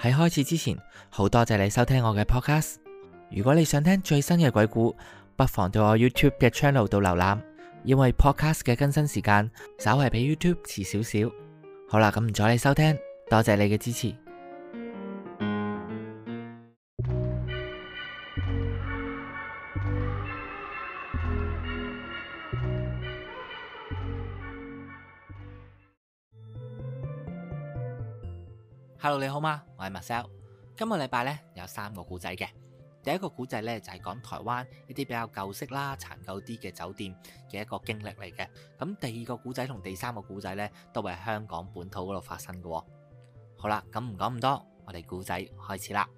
喺開始之前，好多謝你收聽我嘅 podcast。如果你想聽最新嘅鬼故，不妨到我 YouTube 嘅 channel 度瀏覽，因為 podcast 嘅更新時間稍為比 YouTube 遲少少。好啦，咁唔阻你收聽，多謝你嘅支持。嘛、啊，我係 Marcel。今個禮拜咧有三個古仔嘅，第一個古仔咧就係、是、講台灣一啲比較舊式啦、殘舊啲嘅酒店嘅一個經歷嚟嘅。咁第二個古仔同第三個古仔咧都係香港本土嗰度發生嘅。好啦，咁唔講咁多，我哋古仔開始啦。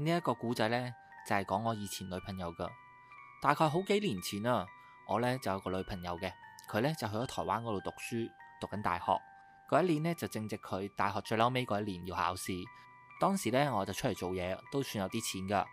呢一個古仔咧。就係講我以前女朋友噶，大概好幾年前啦。我呢就有個女朋友嘅，佢呢就去咗台灣嗰度讀書，讀緊大學。嗰一年呢，就正值佢大學最嬲尾嗰一年要考試。當時呢，我就出嚟做嘢，都算有啲錢噶。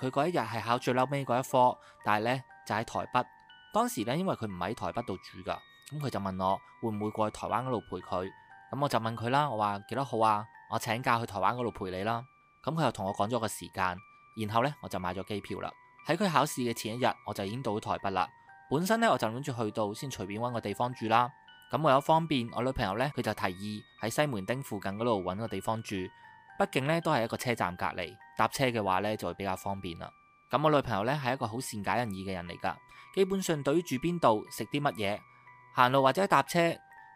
佢嗰一日係考最嬲尾嗰一科，但係呢，就喺台北。當時呢，因為佢唔喺台北度住噶，咁佢就問我會唔會過去台灣嗰度陪佢。咁我就問佢啦，我話幾多號啊？我請假去台灣嗰度陪你啦。咁佢又同我講咗個時間。然後呢，我就買咗機票啦。喺佢考試嘅前一日，我就已經到台北啦。本身呢，我就諗住去到先隨便搵個地方住啦。咁為咗方便，我女朋友呢，佢就提議喺西門町附近嗰度搵個地方住。畢竟呢，都係一個車站隔離，搭車嘅話呢就會比較方便啦。咁我女朋友呢，係一個好善解人意嘅人嚟噶。基本上，對於住邊度、食啲乜嘢、行路或者搭車，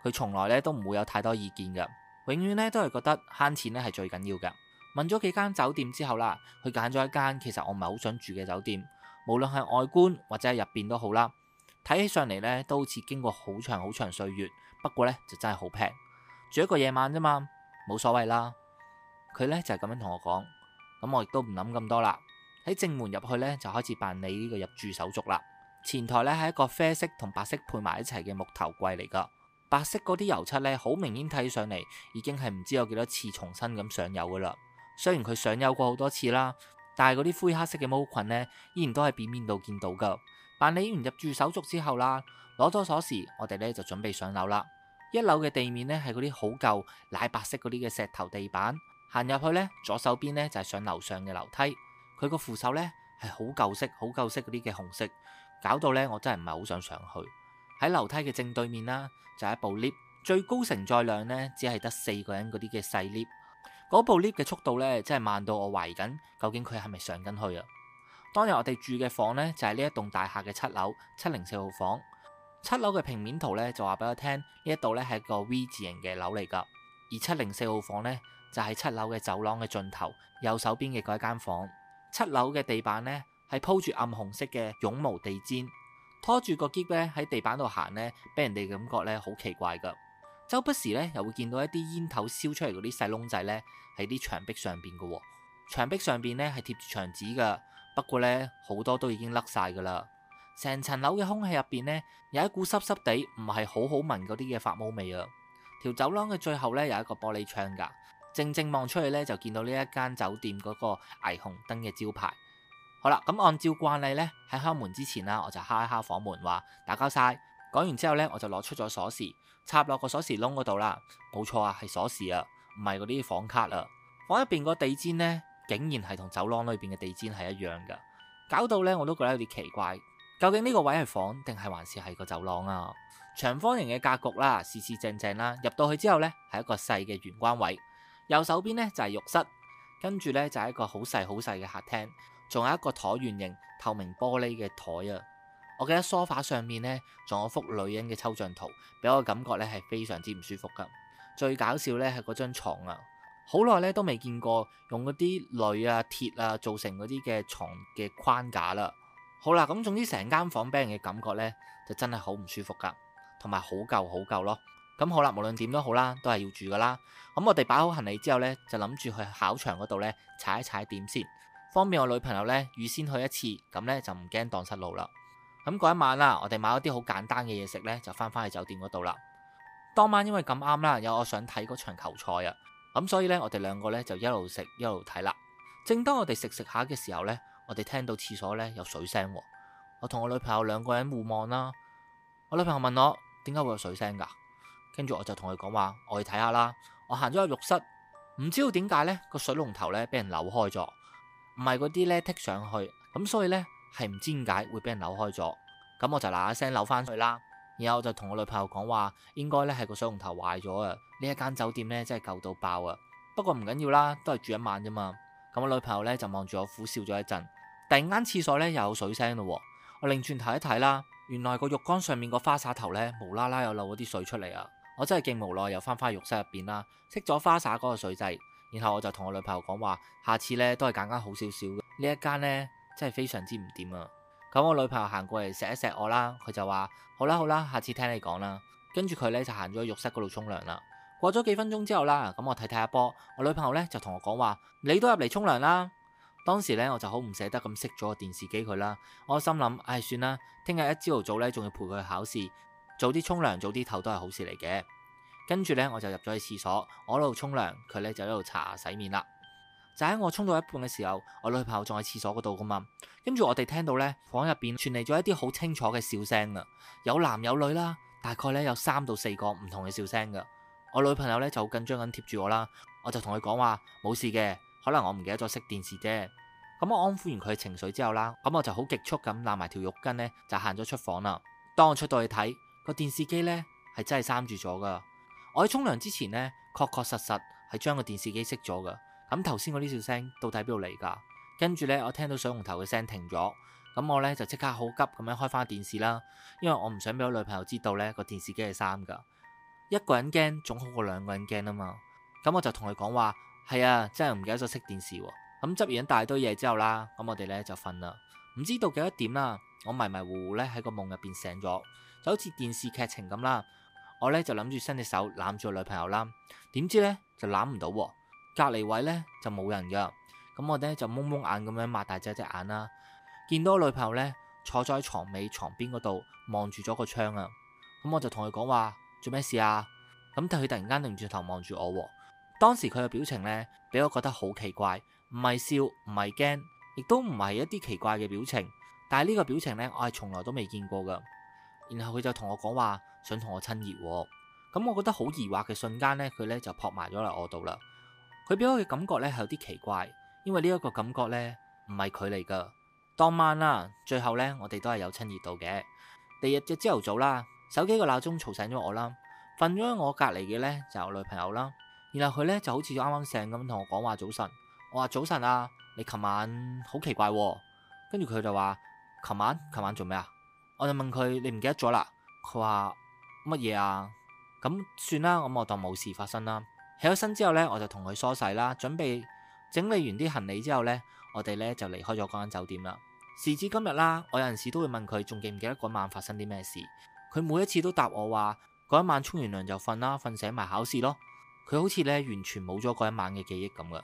佢從來呢都唔會有太多意見噶。永遠呢，都係覺得慳錢呢係最緊要噶。問咗幾間酒店之後啦，佢揀咗一間其實我唔係好想住嘅酒店，無論係外觀或者係入邊都好啦。睇起上嚟呢，都好似經過好長好長歲月。不過呢，就真係好平，住一個夜晚啫嘛，冇所謂啦。佢呢，就係咁樣同我講，咁我亦都唔諗咁多啦。喺正門入去呢，就開始辦理呢個入住手續啦。前台呢，係一個啡色同白色配埋一齊嘅木頭櫃嚟噶，白色嗰啲油漆呢，好明顯睇起上嚟已經係唔知有幾多次重新咁上油噶啦。雖然佢上油過好多次啦，但係嗰啲灰黑色嘅毛菌呢，依然都係表面度見到噶。辦理完入住手續之後啦，攞咗鎖匙，我哋呢就準備上樓啦。一樓嘅地面呢，係嗰啲好舊奶白色嗰啲嘅石頭地板，行入去呢，左手邊呢，就係上樓上嘅樓梯，佢個扶手呢，係好舊式、好舊式嗰啲嘅紅色，搞到呢，我真係唔係好想上去。喺樓梯嘅正對面啦，就係一部 lift，最高承載量呢，只係得四個人嗰啲嘅細 lift。嗰部 lift 嘅速度咧，真係慢到我懷疑緊，究竟佢係咪上緊去啊？當日我哋住嘅房咧，就係呢一棟大廈嘅七樓，七零四號房。七樓嘅平面圖咧，就話俾我聽，呢一度咧係一個 V 字形嘅樓嚟噶。而七零四號房咧，就喺七樓嘅走廊嘅盡頭，右手邊嘅嗰一間房。七樓嘅地板咧，係鋪住暗紅色嘅絨毛地氈，拖住個喼咧喺地板度行咧，俾人哋感覺咧好奇怪噶。周不時咧，又會見到一啲煙頭燒出嚟嗰啲細窿仔呢，喺啲牆壁上邊嘅、哦。牆壁上邊呢係貼住牆紙噶，不過呢好多都已經甩晒噶啦。成層樓嘅空氣入邊呢，有一股濕濕地，唔係好好聞嗰啲嘅發毛味啊。條走廊嘅最後呢，有一個玻璃窗噶，正正望出去呢，就見到呢一間酒店嗰個霓虹燈嘅招牌。好啦，咁按照慣例呢，喺開門之前啦，我就敲一敲房門話打攪晒。講完之後呢，我就攞出咗鎖匙。插落個鎖匙窿嗰度啦，冇錯啊，係鎖匙啊，唔係嗰啲房卡啊。房入邊個地氈呢，竟然係同走廊裏邊嘅地氈係一樣噶，搞到呢，我都覺得有啲奇怪，究竟呢個位係房定係還是係個走廊啊？長方形嘅格局啦，四四正正啦，入到去之後呢，係一個細嘅玄關位，右手邊呢，就係浴室，跟住呢，就係一個好細好細嘅客廳，仲有一個橢圓形透明玻璃嘅檯啊。我記得梳化上面呢，仲有幅女人嘅抽象圖，俾我嘅感覺呢係非常之唔舒服噶。最搞笑呢係嗰張牀啊，好耐呢都未見過用嗰啲鋁啊鐵啊做成嗰啲嘅床嘅框架啦。好啦，咁總之成間房俾人嘅感覺呢，就真係好唔舒服噶，同埋好舊好舊咯。咁好啦，無論點都好啦，都係要住噶啦。咁我哋擺好行李之後呢，就諗住去考場嗰度呢，踩一踩點先，方便我女朋友呢預先去一次，咁呢，就唔驚蕩失路啦。咁嗰一晚啦，我哋買咗啲好簡單嘅嘢食呢，就翻返去酒店嗰度啦。當晚因為咁啱啦，有我想睇嗰場球賽啊，咁所以呢，我哋兩個呢，就一路食一路睇啦。正當我哋食食下嘅時候呢，我哋聽到廁所呢有水聲。我同我女朋友兩個人互望啦，我女朋友問我點解會有水聲噶，跟住我就同佢講話，我去睇下啦。我行咗入浴室，唔知道點解呢，個水龍頭呢俾人扭開咗，唔係嗰啲呢剔上去，咁所以呢。係唔知點解會俾人扭開咗，咁我就嗱嗱聲扭翻去啦。然後我就同我女朋友講話，應該咧係個水龍頭壞咗啊！呢一間酒店咧真係舊到爆啊！不過唔緊要啦，都係住一晚啫嘛。咁我女朋友咧就望住我苦笑咗一陣。突然間廁所咧又有水聲咯，我擰轉頭睇一睇啦，原來個浴缸上面個花灑頭咧無啦啦又漏咗啲水出嚟啊！我真係勁無奈，又翻翻去浴室入邊啦，熄咗花灑嗰個水掣，然後我就同我女朋友講話，下次咧都係揀間好少少嘅呢一間咧。真係非常之唔掂啊！咁我女朋友行過嚟錫一錫我啦，佢就話：好啦好啦，下次聽你講啦。跟住佢呢就行咗浴室嗰度沖涼啦。過咗幾分鐘之後啦，咁我睇睇下波，我女朋友呢就同我講話：你都入嚟沖涼啦。當時呢，我就好唔捨得咁熄咗個電視機佢啦，我心諗：唉、哎，算啦，聽日一朝頭早呢仲要陪佢去考試，早啲沖涼早啲唞都係好事嚟嘅。跟住呢，我就入咗去廁所，我喺度沖涼，佢呢就喺度搽洗面啦。就喺我沖到一半嘅時候，我女朋友仲喺廁所嗰度噶嘛。跟住我哋聽到呢房入邊傳嚟咗一啲好清楚嘅笑聲噶，有男有女啦，大概呢有三到四個唔同嘅笑聲噶。我女朋友呢就好緊張咁貼住我啦，我就同佢講話冇事嘅，可能我唔記得咗熄電視啫。咁、嗯、我安撫完佢嘅情緒之後啦，咁、嗯、我就好急促咁攬埋條浴巾呢就行咗出房啦。當我出到去睇個電視機呢係真係閂住咗噶。我喺沖涼之前呢，確確實實係將個電視機熄咗噶。咁頭先嗰啲笑聲到底喺邊度嚟噶？跟住呢，我聽到水龍頭嘅聲停咗，咁我呢就即刻好急咁樣開翻電視啦，因為我唔想俾我女朋友知道呢個電視機係閂噶，一個人驚總好過兩個人驚啊嘛。咁我就同佢講話係啊，真係唔記得咗熄電視喎。咁執完一大堆嘢之後啦，咁我哋呢就瞓啦。唔知道幾多點啦，我迷迷糊糊咧喺個夢入邊醒咗，就好似電視劇情咁啦。我呢就諗住伸隻手攬住個女朋友啦，點知呢就攬唔到。隔籬位呢，就冇人噶，咁我呢，就蒙蒙眼咁樣擘大隻隻眼啦，見到我女朋友呢，坐在床尾床邊嗰度望住咗個窗啊。咁我就同佢講話，做咩事啊？咁但佢突然間擰轉頭望住我，當時佢嘅表情呢，俾我覺得好奇怪，唔係笑唔係驚，亦都唔係一啲奇怪嘅表情，但係呢個表情呢，我係從來都未見過噶。然後佢就同我講話想同我親熱，咁我覺得好疑惑嘅瞬間呢，佢呢就撲埋咗嚟我度啦。佢俾我嘅感覺咧係有啲奇怪，因為呢一個感覺咧唔係佢嚟噶。當晚啦，最後咧我哋都係有親熱度嘅。第二日朝頭早啦，手機個鬧鐘吵醒咗我啦。瞓咗喺我隔離嘅咧就有女朋友啦。然後佢咧就好似啱啱醒咁同我講話早晨。我話早晨啊，你琴晚好奇怪喎、啊。跟住佢就話：琴晚，琴晚做咩啊？我就問佢：你唔記得咗啦？佢話乜嘢啊？咁算啦，咁我當冇事發生啦。起咗身之後咧，我就同佢梳洗啦，準備整理完啲行李之後咧，我哋咧就離開咗嗰間酒店啦。時至今日啦，我有陣時都會問佢，仲記唔記得嗰晚發生啲咩事？佢每一次都答我話：嗰一晚沖完涼就瞓啦，瞓醒埋考試咯。佢好似咧完全冇咗嗰一晚嘅記憶咁嘅，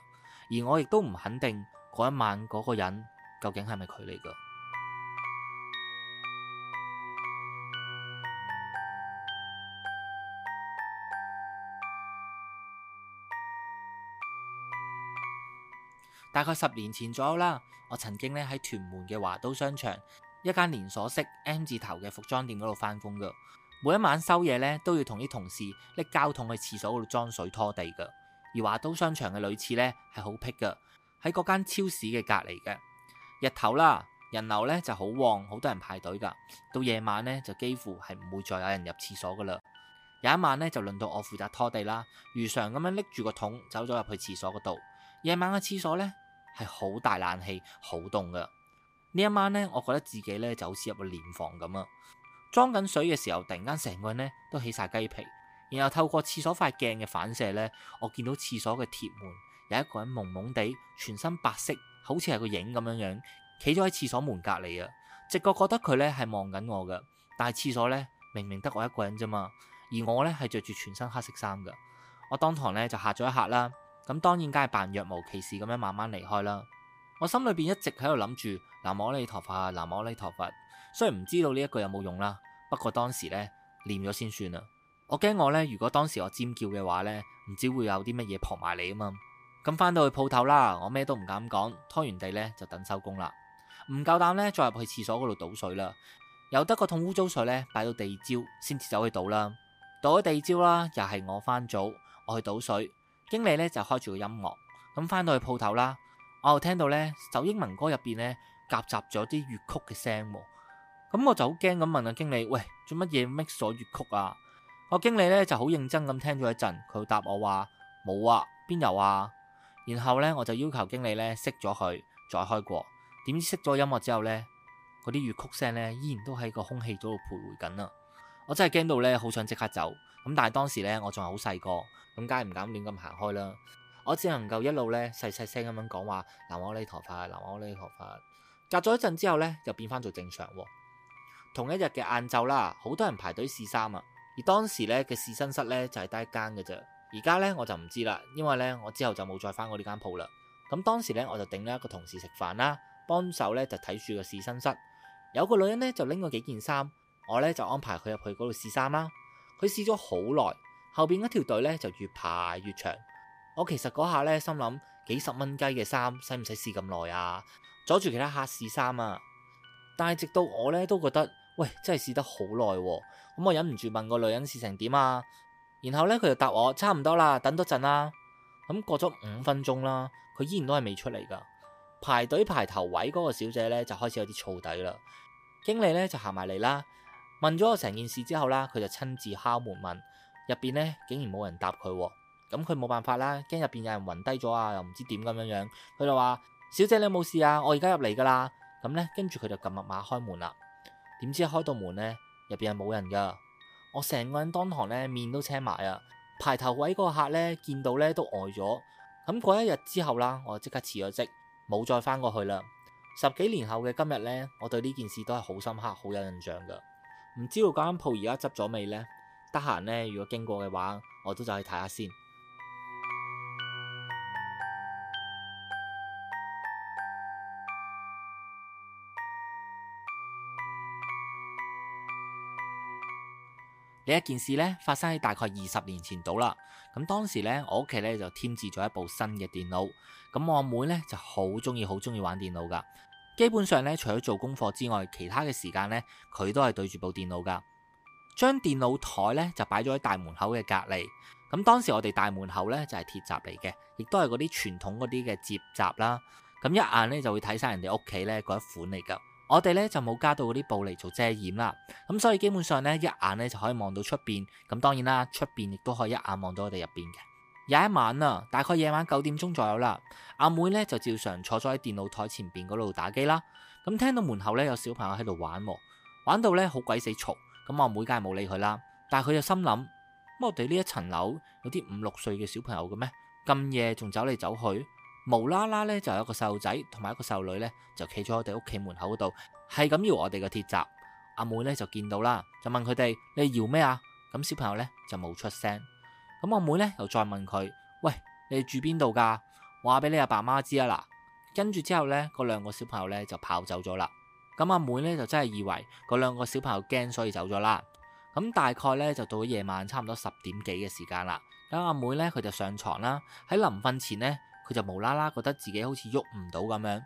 而我亦都唔肯定嗰一晚嗰個人究竟係咪佢嚟㗎。大概十年前左右啦，我曾經咧喺屯門嘅華都商場一間連鎖式 M 字頭嘅服裝店嗰度翻工噶，每一晚收夜咧都要同啲同事拎膠桶去廁所嗰度裝水拖地噶。而華都商場嘅女廁咧係好僻噶，喺嗰間超市嘅隔籬嘅。日頭啦，人流咧就好旺，好多人排隊噶。到夜晚咧就幾乎係唔會再有人入廁所噶啦。有一晚咧就輪到我負責拖地啦，如常咁樣拎住個桶走咗入去廁所嗰度。夜晚嘅廁所咧，係好大冷氣，好凍噶。呢一晚呢，我覺得自己呢就好似入個殮房咁啊。裝緊水嘅時候，突然間成個人呢都起晒雞皮。然後透過廁所塊鏡嘅反射呢，我見到廁所嘅鐵門有一個人朦朦地，全身白色，好似係個影咁樣樣，企咗喺廁所門隔籬啊。直覺覺得佢呢係望緊我嘅，但係廁所呢，明明得我一個人咋嘛。而我呢係着住全身黑色衫噶。我當堂呢就嚇咗一吓啦。咁當然梗係扮若無其事咁樣慢慢離開啦。我心裏邊一直喺度諗住南無阿彌陀佛呀，南無阿彌陀佛。雖然唔知道呢一句有冇用啦，不過當時呢，念咗先算啦。我驚我呢，如果當時我尖叫嘅話呢，唔知會有啲乜嘢撲埋你啊嘛。咁返到去鋪頭啦，我咩都唔敢講，拖完地呢就等收工啦。唔夠膽呢，再入去廁所嗰度倒水啦。由得個桶污糟水呢擺到第二朝先至走去倒啦。倒咗第二朝啦，又係我返早，我去倒水。經理咧就開住個音樂，咁翻到去鋪頭啦，我又聽到呢首英文歌入邊呢夾雜咗啲粵曲嘅聲，咁我就好驚咁問個經理：喂，做乜嘢 mix 咗粵曲啊？個經理呢就好認真咁聽咗一陣，佢答我話冇啊，邊有啊？然後呢，我就要求經理呢熄咗佢再開過，點知熄咗音樂之後呢，嗰啲粵曲聲呢依然都喺個空氣度度徘徊緊啦，我真係驚到呢，好想即刻走。咁但係當時咧，我仲係好細個，咁梗係唔敢亂咁行開啦。我只能夠一路咧細細聲咁樣講話：南無阿彌陀佛，南無阿彌陀佛。隔咗一陣之後咧，又變翻做正常喎。同一日嘅晏晝啦，好多人排隊試衫啊。而當時咧嘅試身室咧就係得一間嘅啫。而家咧我就唔知啦，因為咧我之後就冇再翻過呢間鋪啦。咁當時咧我就頂咗一個同事食飯啦，幫手咧就睇住個試身室。有個女人咧就拎過幾件衫，我咧就安排佢入去嗰度試衫啦。佢試咗好耐，後邊嗰條隊咧就越排越長。我其實嗰下咧心諗，幾十蚊雞嘅衫，使唔使試咁耐啊？阻住其他客試衫啊！但係直到我咧都覺得，喂，真係試得好耐啊。咁我忍唔住問個女人試成點啊？然後咧佢就答我，差唔多啦，等多陣啦。咁過咗五分鐘啦，佢依然都係未出嚟噶。排隊排頭位嗰個小姐咧就開始有啲燥底啦。經理咧就行埋嚟啦。問咗我成件事之後啦，佢就親自敲門問，入邊呢竟然冇人答佢，咁佢冇辦法啦，驚入邊有人暈低咗啊，又唔知點咁樣樣，佢就話：小姐你冇事啊？我而家入嚟噶啦。咁呢，跟住佢就撳密碼開門啦。點知開到門呢，入邊係冇人噶。我成個人當堂呢面都青埋啊！排頭位嗰個客呢見到呢都呆咗。咁嗰一日之後啦，我即刻辭咗職，冇再翻過去啦。十幾年後嘅今日呢，我對呢件事都係好深刻，好有印象噶。唔知道間鋪而家執咗未呢？得閒咧，如果經過嘅話，我都就去睇下先。呢一 件事咧，發生喺大概二十年前度啦。咁當時咧，我屋企咧就添置咗一部新嘅電腦。咁我阿妹咧就好中意、好中意玩電腦噶。基本上咧，除咗做功課之外，其他嘅時間咧，佢都係對住部電腦噶。將電腦台咧就擺咗喺大門口嘅隔籬。咁當時我哋大門口咧就係鐵閘嚟嘅，亦都係嗰啲傳統嗰啲嘅接閘啦。咁一眼咧就會睇晒人哋屋企咧嗰一款嚟噶。我哋咧就冇加到嗰啲布嚟做遮掩啦。咁所以基本上咧一眼咧就可以望到出邊。咁當然啦，出邊亦都可以一眼望到我哋入邊嘅。有一晚啊，大概夜晚九點鐘左右啦。阿妹咧就照常坐咗喺電腦台前邊嗰度打機啦。咁聽到門口咧有小朋友喺度玩，玩到咧好鬼死嘈。咁阿妹梗係冇理佢啦。但係佢就心諗：咁我哋呢一層樓有啲五六歲嘅小朋友嘅咩？咁夜仲走嚟走去，無啦啦咧就有一個細路仔同埋一個細路女咧就企咗我哋屋企門口度，係咁搖我哋嘅鐵閘。阿妹咧就見到啦，就問佢哋：你搖咩啊？咁小朋友咧就冇出聲。咁阿妹咧又再問佢：喂，你哋住邊度噶？話俾你阿爸媽知啊嗱。跟住之後呢，嗰兩個小朋友呢就跑走咗啦。咁阿妹呢就真係以為嗰兩個小朋友驚，所以走咗啦。咁大概呢就到咗夜晚，差唔多十點幾嘅時間啦。咁阿妹呢，佢就上床啦，喺臨瞓前呢，佢就無啦啦覺得自己好似喐唔到咁樣，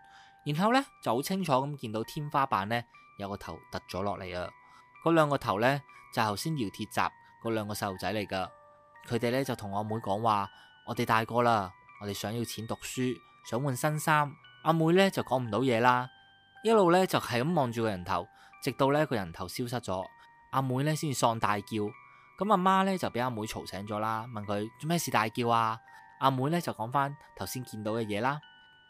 然後呢就好清楚咁見到天花板呢有個頭突咗落嚟啊。嗰兩個頭呢，就係頭先搖鐵閘嗰兩個細路仔嚟噶。佢哋咧就同阿妹講話：「我哋大個啦，我哋想要錢讀書，想換新衫。」阿妹咧就講唔到嘢啦，一路咧就係咁望住個人頭，直到咧個人頭消失咗，阿妹咧先至喪大叫。咁阿媽咧就俾阿妹嘈醒咗啦，問佢做咩事大叫啊？阿妹咧就講翻頭先見到嘅嘢啦。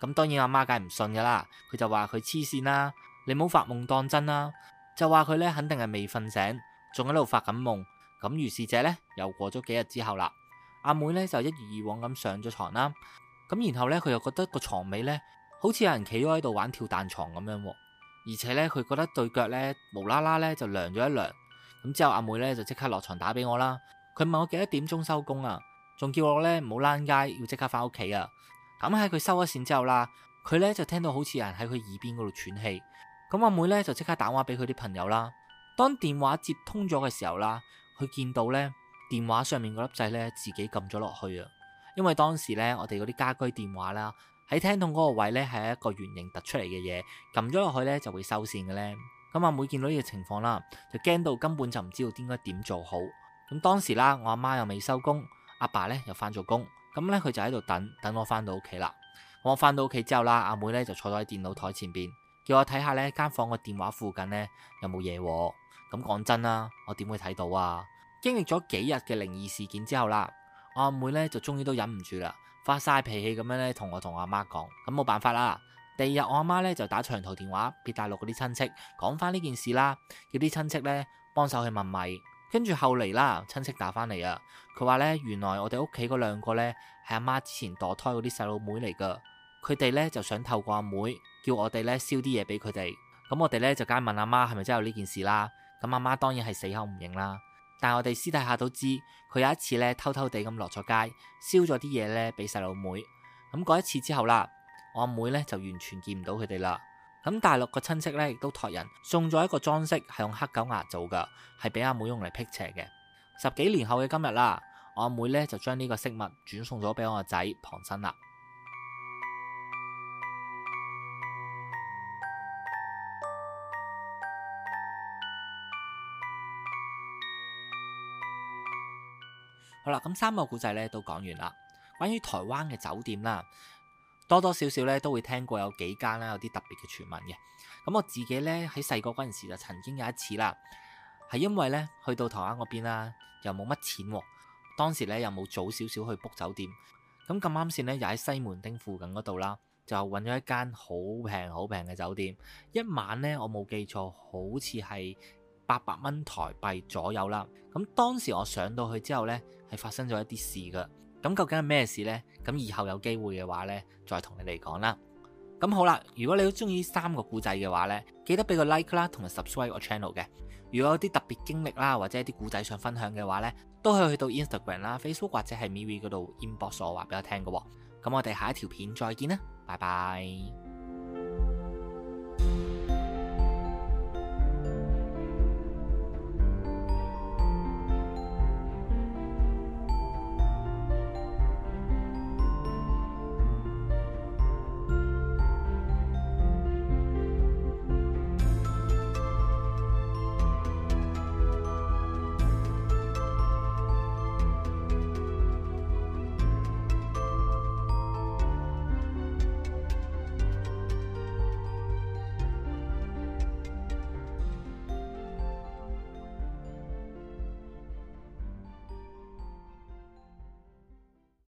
咁當然阿媽梗係唔信噶啦，佢就話佢黐線啦，你冇發夢當真啦，就話佢咧肯定係未瞓醒，仲喺度發緊夢。咁於是者咧又過咗幾日之後啦。阿妹咧就一如以往咁上咗床啦。咁然後咧，佢又覺得個床尾咧好似有人企咗喺度玩跳彈床咁樣喎。而且咧，佢覺得對腳咧無啦啦咧就涼咗一涼。咁之後，阿妹咧就即刻落床打俾我啦。佢問我幾多點鐘收工啊？仲叫我咧唔好躝街，要即刻翻屋企啊。咁喺佢收咗線之後啦，佢咧就聽到好似有人喺佢耳邊嗰度喘氣。咁阿妹咧就即刻打電話俾佢啲朋友啦。當電話接通咗嘅時候啦。佢見到呢電話上面嗰粒掣呢，自己撳咗落去啊，因為當時呢，我哋嗰啲家居電話啦，喺聽筒嗰個位呢，係一個圓形突出嚟嘅嘢，撳咗落去呢，就會收線嘅呢！咁阿妹見到呢個情況啦，就驚到根本就唔知道應該點做好。咁當時啦，我阿媽又未收工，阿爸呢又返咗工，咁呢，佢就喺度等等我返到屋企啦。我返到屋企之後啦，阿妹呢就坐咗喺電腦台前邊，叫我睇下呢間房個電話附近呢，有冇嘢喎。咁講真啦，我點會睇到啊？經歷咗幾日嘅靈異事件之後啦，我阿妹呢就終於都忍唔住啦，發晒脾氣咁樣咧同我同阿媽講。咁冇辦法啦，第二日我阿媽咧就打長途電話俾大陸嗰啲親戚講翻呢件事啦，叫啲親戚呢幫手去問米。跟住後嚟啦，親戚打翻嚟啊，佢話呢，原來我哋屋企嗰兩個呢係阿媽之前墮胎嗰啲細佬妹嚟噶，佢哋呢就想透過阿妹，妹叫我哋呢燒啲嘢俾佢哋。咁我哋呢就梗係問阿媽係咪真有呢件事啦。咁阿媽當然係死口唔認啦，但係我哋私底下都知佢有一次咧偷偷地咁落咗街，燒咗啲嘢咧俾細佬妹。咁嗰一次之後啦，我阿妹咧就完全見唔到佢哋啦。咁大陸個親戚咧亦都託人送咗一個裝飾係用黑狗牙做噶，係俾阿妹用嚟辟邪嘅。十幾年後嘅今日啦，我阿妹咧就將呢個飾物轉送咗俾我個仔傍身啦。好啦，咁三個故仔咧都講完啦。關於台灣嘅酒店啦，多多少少咧都會聽過有幾間啦，有啲特別嘅傳聞嘅。咁我自己咧喺細個嗰陣時就曾經有一次啦，係因為咧去到台灣嗰邊啦，又冇乜錢喎。當時咧又冇早少少去 book 酒店，咁咁啱先咧又喺西門町附近嗰度啦，就揾咗一間好平好平嘅酒店，一晚咧我冇記錯好似係。八百蚊台幣左右啦，咁當時我上到去之後呢，係發生咗一啲事噶，咁究竟係咩事呢？咁以後有機會嘅話呢，再同你哋講啦。咁好啦，如果你都中意三個故仔嘅話呢，記得俾個 like 啦，同埋 subscribe 個 channel 嘅。如果有啲特別經歷啦，或者一啲故仔想分享嘅話呢，都可以去到 Instagram 啦、Facebook 或者係 MeWe 嗰度 inbox 我話俾我聽嘅。咁我哋下一條片再見啦，拜拜。